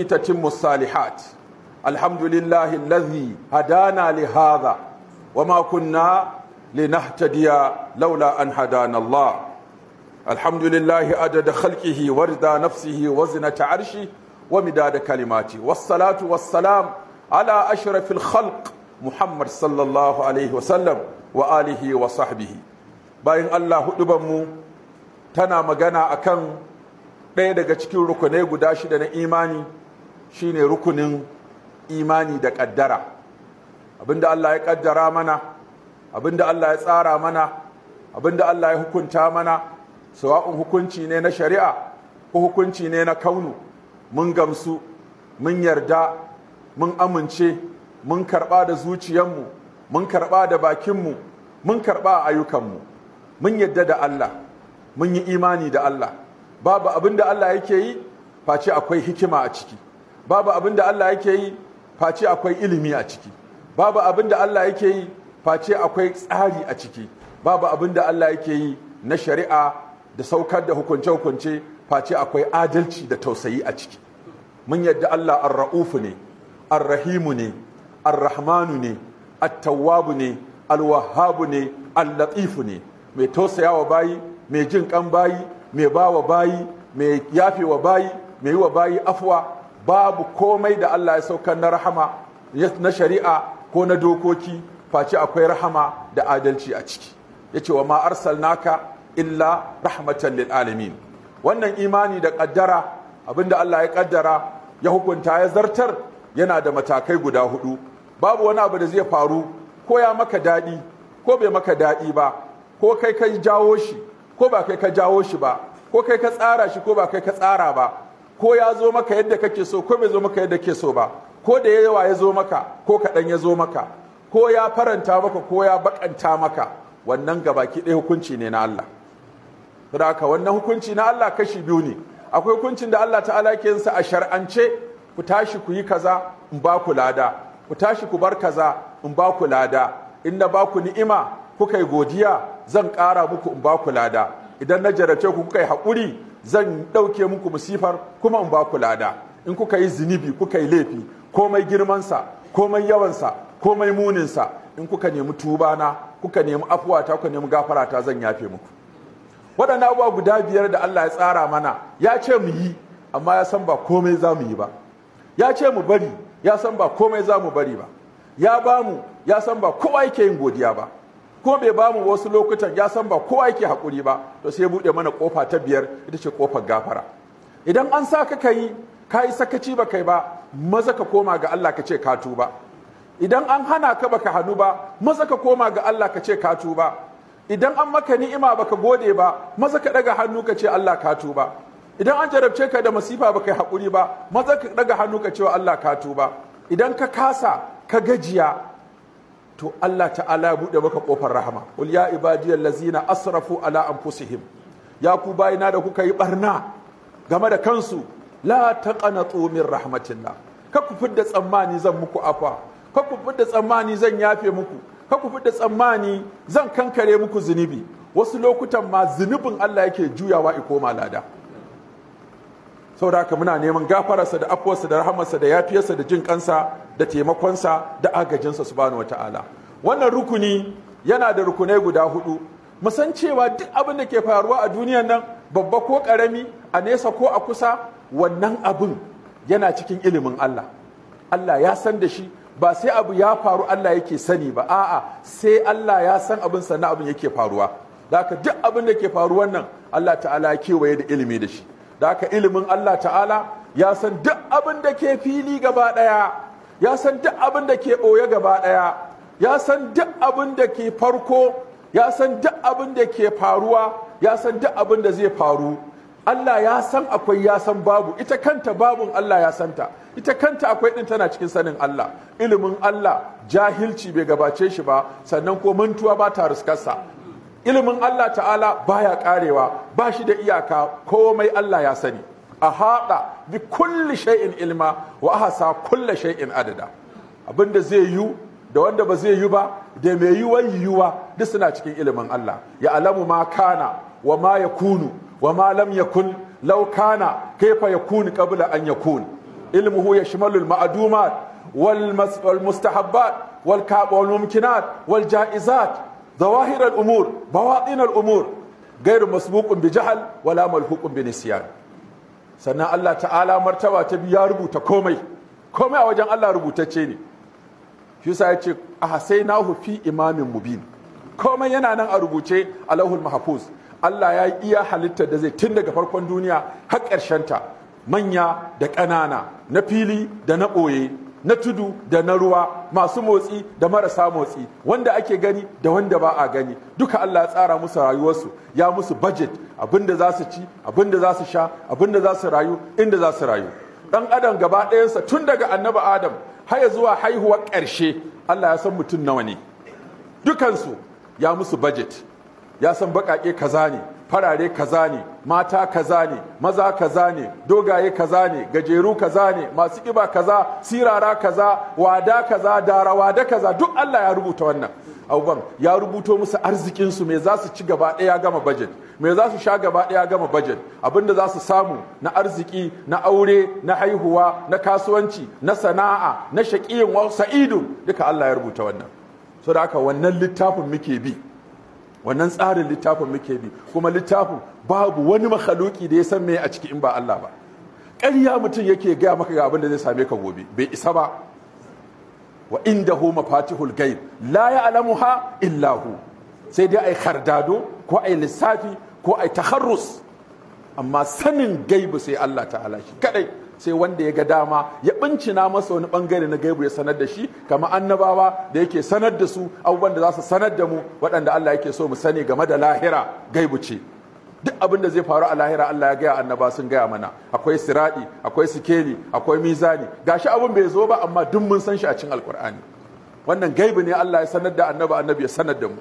itatimmu salihat alhamdulillahi lazi hadana li hadha wama kunna linahtadiya laula an hadana Allah alhamdulillahi adada khalqihi warda nafsihi wazna arshi wa midada kalimati wassalatu wassalam ala ashrafil khalq muhammad sallallahu alaihi wa wa alihi wa sahbihi bayan Allah mu tana magana akan ɗaya daga cikin rukunai guda shida na imani shine rukunin imani da ƙaddara abinda Allah ya ƙaddara mana abinda Allah ya tsara mana abinda Allah ya hukunta mana sawa'un hukunci ne na shari'a ko hukunci ne na kaunu mun gamsu mun yarda mun amince mun karɓa da zuciyarmu mun karɓa da bakinmu mun karɓa ayyukanmu mun yadda da Allah mun yi imani da Allah babu abinda Allah yake yi face akwai hikima a ciki babu abin da Allah yake yi face akwai ilimi a ciki babu abin da Allah yake yi face akwai tsari a ciki babu abin da Allah yake yi na shari'a da saukar da hukunce-hukunce face akwai adalci da tausayi a ciki mun yadda Allah ar-ra'ufu ne ar-rahimu ne ar-rahmanu ne at ne al ne al-latifu ne mai tausayawa bayi mai jin kan bayi mai bawa bayi mai yafewa bayi mai yi wa bayi afwa babu komai da Allah ya saukar na rahama na shari'a ko na dokoki face akwai rahama da adalci a ciki Ya ce wa ma arsalnaka illa rahmatan lil alamin wannan imani da kaddara abinda Allah ya kaddara ya hukunta ya zartar yana da matakai guda hudu babu wani abu da zai faru ko ya maka daɗi ko bai maka daɗi ba ko kai ka jawo shi ko ba kai ka jawo shi ba ko kai ka tsara shi ko ba kai ka tsara ba ko ya zo maka yadda kake so ko bai zo maka yadda ke so ba ko da yawa ya zo maka ko kaɗan ya zo maka ko ya faranta maka ko ya bakanta maka wannan gabaki ɗaya hukunci ne na Allah haka wannan hukunci na Allah kashi biyu ne akwai hukuncin da Allah ta'ala ke yinsa a shar'ance ku tashi ku yi kaza in ba ku lada ku tashi ku bar kaza in ba ku lada in na ba ku ni'ima kuka yi godiya zan ƙara muku in ba ku lada idan na jarace ku kuka yi haƙuri zan ɗauke muku musifar kuma in ba ku lada in kuka yi zinibi, kuka yi laifi komai girmansa komai yawansa komai muninsa in kuka nemi tubana kuka nemi afuwata kuka nemi gafarata zan yafe muku waɗannan abubuwa guda biyar da Allah ya tsara mana ya ce mu yi amma ya san ba komai za mu yi ba ya ce mu bari ya san ba komai za mu bari ba ya ba mu ya san ba kowa yake yin godiya ba ko bai ba mu wasu lokutan ya san ba ko yake hakuri ba to sai buɗe mana kofa ta biyar ita ce kofar gafara idan an sa ka kai ka yi sakaci ba kai ba maza ka koma ga Allah ka ce ka tuba idan an hana ka baka hannu ba maza ka koma ga Allah ka ce ka tuba idan an maka ni'ima baka gode ba maza ka daga hannu ka ce Allah ka tuba idan an jarabce ka da masifa baka yi hakuri ba maza ka daga hannu ka ce Allah ka tuba idan ka kasa ka gajiya to Allah ta'ala ya bude maka kofar rahama ul ya ibadiyal lazina asrafu ala anfusihim ya ku bayina da kuka yi barna game da kansu la taqanatu min rahmatillah ka ku fidda tsammani zan muku afa ka ku fidda tsammani zan yafe muku ka ku fidda tsammani zan kankare muku zunubi wasu lokutan ma zunubin Allah yake juyawa ikoma lada saboda haka muna neman gafararsa da afuwarsa da rahamarsa da yafiyarsa da jin kansa da taimakonsa da agajinsa subhanahu wataala wannan rukuni yana da rukunai guda hudu mu san cewa duk abin da ke faruwa a duniyan nan babba ko karami a nesa ko a kusa wannan abin yana cikin ilimin Allah Allah ya san da shi ba sai abu ya faru Allah yake sani ba a'a sai Allah ya san abin sannan abin yake faruwa da duk abin da ke faruwan nan Allah ta'ala kewaye da ilimi da shi da aka ilimin Allah ta'ala ya san duk abin da ke fili gaba ɗaya ya san duk abin da ke ɓoye gaba ɗaya ya san duk abin da ke farko ya san duk abin da ke faruwa ya san duk abin da zai faru Allah ya san akwai ya san babu ita kanta babun Allah ya santa ita kanta akwai din tana cikin sanin Allah ilimin Allah jahilci bai gabace shi ba sannan ko mantuwa ba ta riskarsa ilimin Allah ta'ala baya karewa ba shi da iyaka komai Allah ya sani a haɗa bi kulli shay'in ilma wa ahsa kulli shay'in adada abinda zai yi da wanda ba zai yi ba da mai yiwa yiwa duk suna cikin ilimin Allah ya alamu ma kana wa ma yakunu wa ma lam yakun law kana kaifa yakunu qabla an yakun ilmuhu yashmalu al ma'dumat wal mustahabbat wal mumkinat wal jaizat ظواهر الأمور بواطن الأمور غير مسبوق بجهل ولا ملحوق بنسيان sannan Allah ta'ala martaba ta biya rubuta komai komai a wajen Allah rubutacce ne shi sa sai na hufi imamin mubin komai yana nan a rubuce a lauhul mahfuz Allah ya iya halittar da zai tun daga farkon duniya har ƙarshenta ta manya da ƙanana na fili da na ɓoye na tudu da na ruwa masu motsi da marasa motsi wanda ake gani da wanda ba a gani duka Allah ya tsara musu rayuwarsu ya musu budget abinda za su ci abinda za su sha abinda za su rayu inda za su rayu dan adam gaba ɗayansa tun daga annabi adam haya zuwa haihuwar ƙarshe Allah ya san mutum nawa ne dukansu ya musu budget ya san baƙaƙe kaza ne farare kaza ne mata kaza ne maza kaza ne dogaye kaza ne gajeru kaza ne masu kiba kaza sirara kaza wada kaza dara wada kaza duk Allah ya rubuta wannan abubuwan ya rubuto musu arzikinsu mai za su ci gaba ɗaya gama bajet mai za su sha gaba ɗaya gama bajet abinda za su samu na arziki na aure na haihuwa na kasuwanci na sana'a na shaƙiyin wa sa'idu duka Allah ya rubuta wannan so da haka wannan littafin muke bi wannan tsarin littafin muke bi kuma littafin babu wani makhaluki da ya san me a ciki in ba Allah ba ƙarya mutum yake gaya maka ga abin da zai same ka gobe bai isa ba wa indahu mafatihul ghaib la ya'lamuha illa hu sai dai ai khardado ko ai lissafi ko ai taharrus amma sanin gaibu sai Allah ta'ala shi kadai sai wanda ya ga dama ya bincina masa wani bangare na gaibu ya sanar da shi kama annabawa da yake sanar da su abubuwan da za su sanar da mu waɗanda Allah yake so mu sani game da lahira gaibu ce duk abin da zai faru a lahira Allah ya gaya annaba sun gaya mana akwai siradi akwai sikeli akwai mizani gashi abin bai zo ba amma duk mun san shi a cikin alkur'ani wannan gaibu ne Allah ya sanar da annaba annabi ya sanar da mu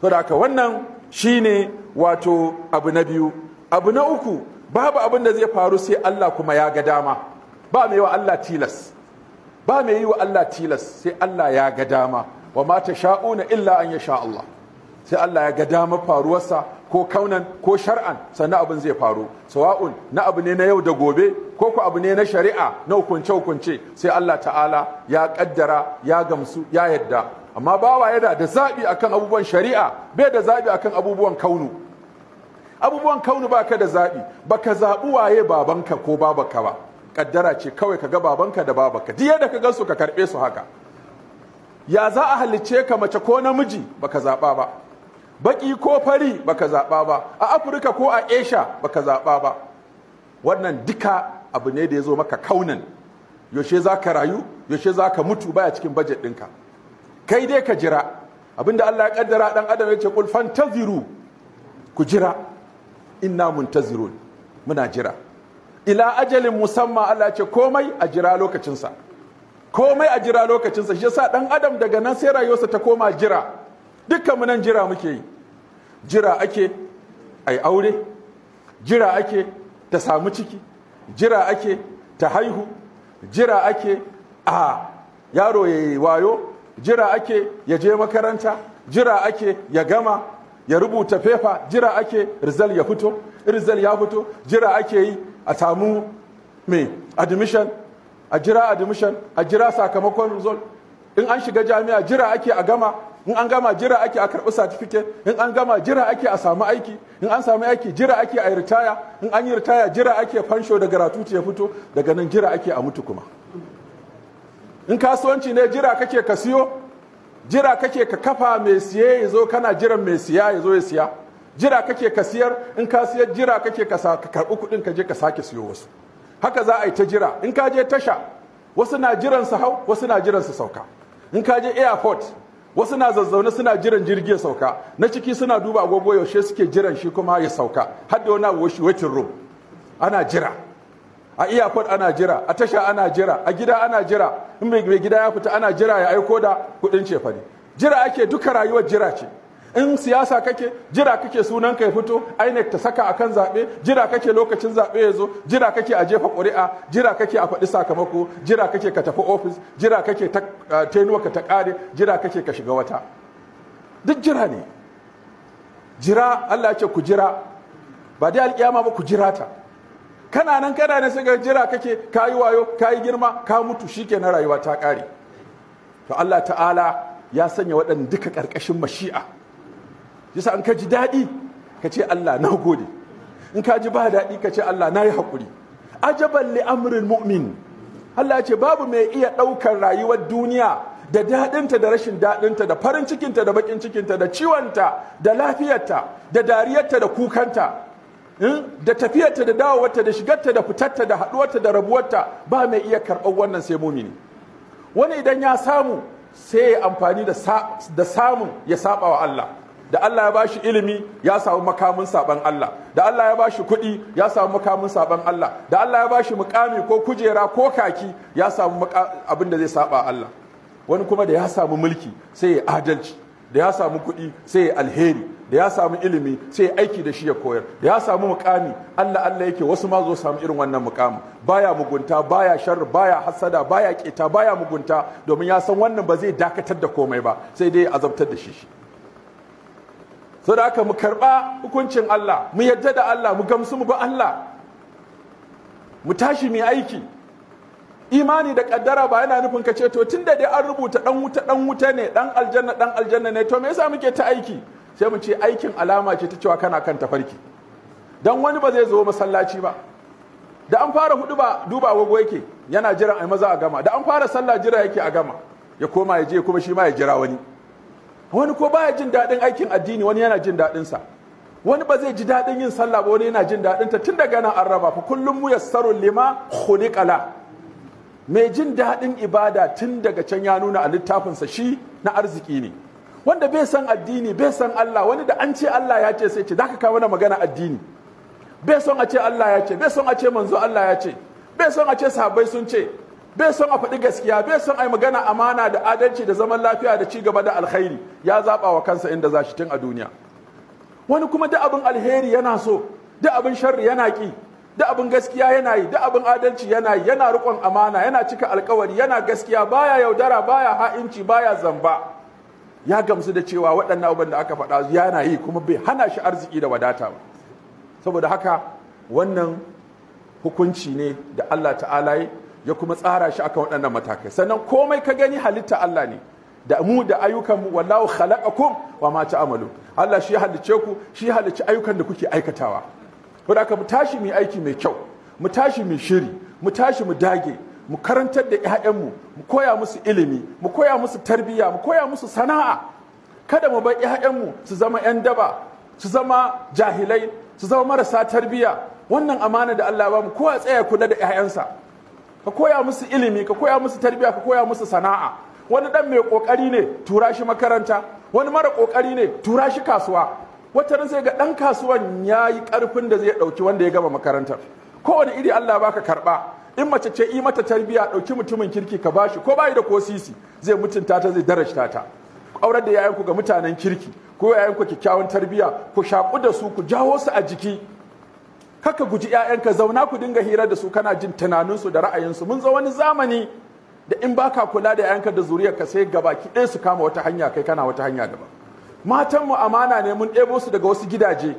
saboda haka wannan shine wato abu na biyu abu na uku babu abin da zai faru sai Allah kuma ya ga dama ba mai wa Allah tilas ba mai yi wa Allah tilas sai Allah ya ga dama wa ma sha'una illa an yasha Allah sai Allah ya ga dama faruwarsa ko kaunan ko shar'an sannan abin zai faru sawa'un na abu ne na yau da gobe ko ku abu ne na shari'a na hukunce hukunce sai Allah ta'ala ya kaddara ya gamsu ya yadda amma bawa yada da zabi akan abubuwan shari'a bai da zabi akan abubuwan kaunu abubuwan kaunu ba ka da zaɓi Baka ka zaɓi waye babanka ko babaka ba ƙaddara ce kawai ka ga babanka da babaka diya da ka ga su ka karɓe su haka ya za a halicce ka mace ko namiji Baka zaɓa ba baƙi ko fari Baka zaɓa ba a afirka ko a esha baka zaɓa ba wannan duka abu ne da ya zo maka kaunan yaushe za ka rayu yaushe za ka mutu baya cikin bajet ɗinka kai dai ka jira abinda Allah ya kaddara dan adam ya ce kulfan fantaziru ku jira inna muntazirun muna jira ila ajalin musamman Allah ce komai a jira lokacinsa komai a jira lokacinsa shi yasa dan adam daga nan sai rayuwarsa ta koma jira dukkan mu nan jira muke yi jira ake ai aure jira ake ta samu ciki jira ake ta haihu jira ake a yaro ya wayo jira ake ya je makaranta jira ake ya gama ya rubuta fefa jira ake rizal ya fito rizal ya fito jira ake yi a samu mai admission a jira admission a jira sakamakon result in an shiga jami'a jira ake a gama in an gama jira ake a karɓi certificate in an gama jira ake a samu aiki in an samu aiki jira ake a ritaya in an yi ritaya jira ake fansho da gratuity ya fito daga nan jira ake a mutu kuma in kasuwanci ne jira kake ka siyo jira kake ka kafa mai siye ya zo kana jiran mai siya ya zo ya siya jira kake ka siyar in ka siyar jira kake ka karɓi kudin ka je ka sake siyo wasu haka za a yi ta jira in ka je tasha wasu na jiran su hau wasu na jiran su sauka in ka je airport wasu na zazzaune suna jiran jirgi ya sauka na ciki suna duba agogo yaushe suke jiran shi kuma ya sauka har da wani abu waiting room ana jira a iyakot ana jira a tasha ana jira a gida ana jira in mai gida ya fita ana jira ya aiko da kudin cefane jira ake duka rayuwar jira ce in siyasa kake jira kake sunan ka ya fito INEC ta saka akan zaɓe jira kake lokacin zaɓe ya zo jira kake a jefa ƙuri'a jira kake a faɗi sakamako jira kake ka tafi ofis jira kake tenuwa ka ta ƙare jira kake ka shiga wata duk jira ne jira Allah ce ku jira ba dai alƙiyama ba ku jira ta kana nan kana na sai ga jira kake kayi wayo kayi girma ka mutu shi ke na rayuwa ta kare to Allah ta'ala ya sanya waɗanda duka ƙarƙashin mashi'a yasa in ka ji daɗi ka ce Allah na gode in ka ji ba daɗi ka ce Allah na yi haƙuri ajaban li amrin mu'min Allah ya ce babu mai iya ɗaukar rayuwar duniya da daɗinta da rashin daɗinta da farin cikinta da baƙin cikinta da ciwonta da lafiyarta da dariyarta da kukanta Hmm? da tafiyarta da dawowarta da shigarta da fitarta da haduwarta da rabuwarta ba mai iya karɓar wannan sai mumini wani idan ya samu sai ya amfani da samun ya saba wa Allah da Allah ya bashi ilimi ya samu makamin saban Allah da Allah ya bashi kuɗi ya samu makamin saban Allah da Allah ya bashi mukami ko kujera ko kaki ya samu abin da zai saba Allah wani kuma da ya samu mulki sai ya adalci da ya samu kuɗi sai ya alheri da ya samu ilimi sai ya aiki da shi ya koyar da ya samu mukami Allah Allah yake wasu ma zo samu irin wannan mukami baya mugunta baya sharri baya hasada baya keta baya mugunta domin ya san wannan ba zai dakatar da komai ba sai dai azabtar da shi shi so da aka mu karba hukuncin Allah mu yadda da Allah mu gamsu mu ba Allah mu tashi mu aiki imani da kaddara ba yana nufin ka ce to tun da dai an rubuta dan wuta dan wuta ne dan aljanna dan aljanna ne to me yasa muke ta aiki sai mu ce aikin alama ce ta cewa kana kan tafarki dan wani ba zai zo masallaci ba da an fara hudu ba duba agogo yake yana jiran ai maza a gama da an fara sallah jira yake a gama ya koma ya je kuma shi ma ya jira wani wani ko baya jin daɗin aikin addini wani yana jin daɗinsa? sa wani ba zai ji daɗin yin sallah ba wani yana jin daɗin ta tun daga nan an raba fa kullum muyassarul lima khuliqala mai jin daɗin ibada tun daga can ya nuna a littafinsa shi na arziki ne wanda bai san addini bai san Allah wani da an ce Allah ya ce sai ce za ka kawo na magana addini bai son a ce Allah ya ce bai son a ce manzo Allah ya ce bai son a ce sahabbai sun ce bai son a faɗi gaskiya bai son a yi magana amana da adalci da zaman lafiya da cigaba da alkhairi ya zaɓa wa kansa inda za shi tun a duniya wani kuma da abin alheri yana so da abin sharri yana ƙi da abin gaskiya yana yi da abin adalci yana yi yana riƙon amana yana cika alkawari yana gaskiya baya yaudara baya ha'inci baya zamba ya gamsu da cewa waɗannan abin da aka faɗa yana yi kuma bai hana shi arziki da wadata ba saboda haka wannan hukunci ne da Allah ta'ala ya kuma tsara shi akan waɗannan matakai sannan komai ka gani halitta Allah ne da mu da ayyukanmu wallahu khalaqakum wa ma ta'malu Allah shi halicce ku shi halicci ayyukan da kuke aikatawa wadda mu tashi mu aiki mai kyau mu tashi mu shiri mu tashi mu dage mu karantar da 'ya'yanmu mu koya musu ilimi mu koya musu tarbiyya mu koya musu sana'a kada mu bar 'ya'yanmu su zama 'yan daba su zama jahilai su zama marasa tarbiyya wannan amana da Allah ba mu kowa tsaya kula da 'ya'yansa ka koya musu ilimi ka koya musu tarbiyya ka koya musu sana'a wani dan mai ƙoƙari ne tura shi makaranta wani mara kokari ne tura shi kasuwa wata ran sai ga ɗan kasuwan ya yi ƙarfin da zai ɗauki wanda ya gama makarantar kowane iri Allah baka karɓa in mace ce yi mata tarbiya ɗauki mutumin kirki ka bashi ko bayi da ko sisi zai mutunta ta zai darashta ta aurar da yayanku ga mutanen kirki ko yayanku kyakkyawan tarbiya ku shaƙu da su ku jawo su a jiki kaka guji yayanka zauna ku dinga hira da su kana jin tunaninsu da ra'ayinsu mun zo wani zamani da in baka kula da yayanka da zuriyarka sai gabaki ɗaya su kama wata hanya kai kana wata hanya daban matanmu amana ne mun ɗebo su daga wasu gidaje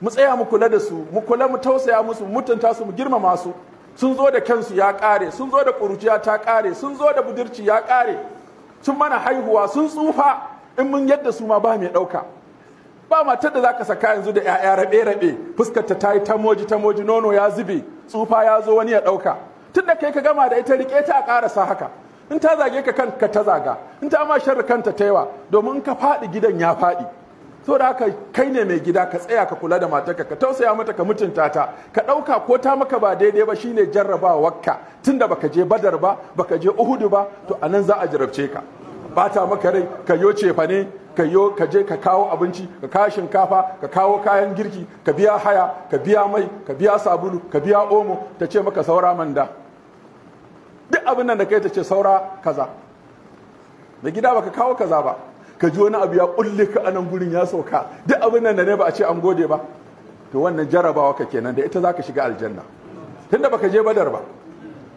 mu tsaya mu kula da su mu kula mu tausaya musu mu mutunta su mu girmama su sun zo da kansu ya ƙare sun zo da ƙuruciya ta ƙare sun zo da budurci ya ƙare sun mana haihuwa sun tsufa in mun yadda su ma ba mai ɗauka ba matar da za ka saka yanzu da 'ya'ya rabe-rabe, fuskarta ta yi tamoji tamoji nono ya zube tsufa ya zo wani ya ɗauka tun da kai ka gama da ita riƙe ta a ƙarasa haka in ta zage ka kanka ta zaga in ta ma sharri kanta ta yawa domin in ka faɗi gidan ya faɗi to da haka kai ne mai gida ka tsaya ka kula da matarka ka tausaya mata ka mutunta ta ka ɗauka ko ta maka ba daidai ba shine jarrabawarka tunda baka je badar ba baka je uhudu ba to anan za a jarabce ka bata maka rai ka yo cefa ne ka yo ka je ka kawo abinci ka kawo shinkafa ka kawo kayan girki ka biya haya ka biya mai ka biya sabulu ka biya omo ta ce maka saura manda duk abin nan da kai ta ce saura kaza da gida baka kawo kaza ba ka ji wani abu ya kulle ka anan gurin ya sauka duk abin nan da ne ba a ce an gode ba to wannan jarabawa ka kenan da ita za ka shiga aljanna tunda baka je badar ba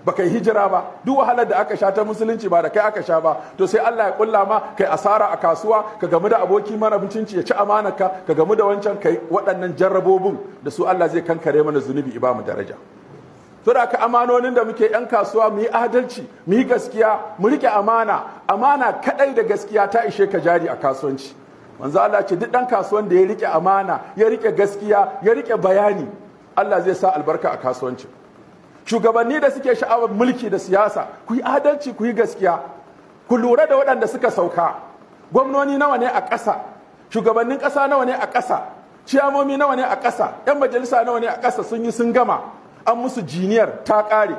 baka yi hijira ba duk wahalar da aka sha ta musulunci ba da kai aka sha ba to sai Allah ya kulla ma kai asara a kasuwa ka gamu da aboki mara mutunci ya ci amanarka ka gamu da wancan kai waɗannan jarrabobin da su Allah zai kankare mana zunubi ba mu daraja saboda ka amanonin da muke yan kasuwa mu yi adalci mu yi gaskiya mu rike amana amana kadai da gaskiya ta ishe ka jari a kasuwanci manzo Allah ce duk dan kasuwan da ya rike amana ya rike gaskiya ya rike bayani Allah zai sa albarka a kasuwanci. shugabanni da suke sha'awar mulki da siyasa ku yi adalci ku yi gaskiya ku lura da waɗanda suka sauka gwamnoni nawa ne a ƙasa shugabannin ƙasa nawa ne a ƙasa ciyamomi nawa ne a ƙasa 'yan majalisa nawa ne a ƙasa sun yi sun gama an musu jiniyar ta ƙare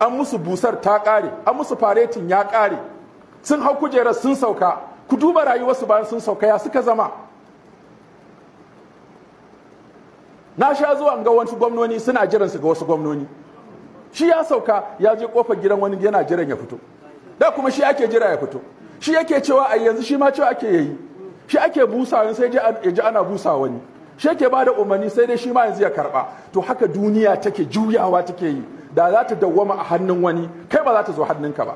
an musu busar ta ƙare an musu faretin ya ƙare sun hau kujerar sun sauka ku duba rayuwarsu bayan sun sauka ya suka zama na sha zuwa ga wasu gwamnoni suna jiran su ga wasu gwamnoni shi ya sauka ya je kofar gidan wani yana jiran ya fito da kuma shi ake jira ya fito shi yake cewa a yanzu shi ma cewa ake yayi shi ake busa sai ya ji ana busa wani shi ke ba da umarni sai dai shi ma yanzu ya karba to haka duniya take juyawa take yi da za ta dawwama a hannun wani kai ba za ta zo hannunka ba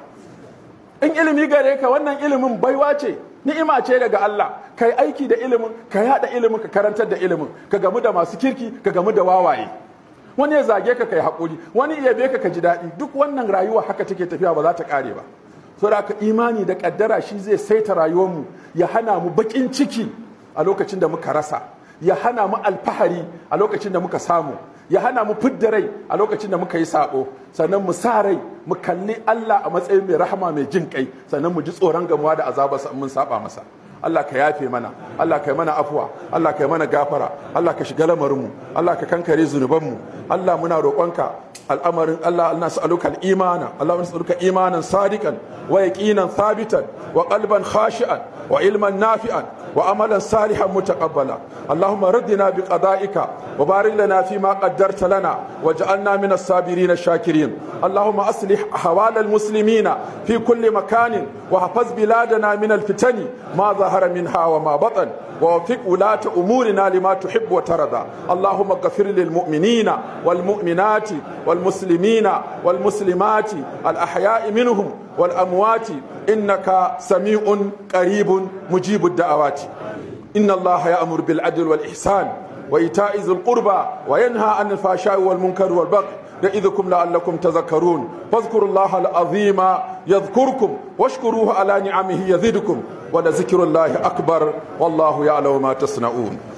in ilimi gare ka wannan ilimin baiwa ce ni'ima ce daga Allah kai aiki da ilimin ka yada ilimin ka karantar da ilimin ka gamu da masu kirki ka gamu da wawaye wani ya zage ka kai haƙuri wani ya be ka ka ji daɗi duk wannan rayuwa haka take tafiya ba za ta ƙare ba saboda ka imani da ƙaddara shi zai saita rayuwar mu ya hana mu baƙin ciki a lokacin da muka rasa ya hana mu alfahari a lokacin da muka samu ya hana mu fidda rai a lokacin da muka yi sabo sannan mu sa rai mu kalli Allah a matsayin mai rahama mai jin kai sannan mu ji tsoron gamuwa da azabarsa mun saba masa Allah ka yafe mana Allah ka yi mana afuwa Allah ka yi mana gafara Allah ka shiga lamarinmu Allah ka kankare zunubanmu Allah muna roƙonka al'amarin Allah Allah nas'aluka al-imana Allah imanan sadiqan wa yaqinan thabitan wa qalban khashi'an wa ilman nafi'an wa amalan salihan mutaqabbala Allahumma raddina bi qada'ika wa barik lana fi ma qaddarta lana waj'alna min as-sabirin ash-shakirin Allahumma aslih ahwal al-muslimin fi kulli makanin wa hafaz biladana min al-fitani ma zahara minha wa ma batan umurina lima أمورنا لما تحب وترضى اللهم اغفر للمؤمنين والمؤمنات والمسلمين والمسلمات الأحياء منهم والأموات إنك سميع قريب مجيب الدعوات إن الله يأمر بالعدل والإحسان وإيتاء ذي القربى وينهى عن الفحشاء والمنكر والبغي يعظكم لعلكم تذكرون فاذكروا الله العظيم يذكركم واشكروه على نعمه يزدكم ولذكر الله أكبر والله يعلم ما تصنعون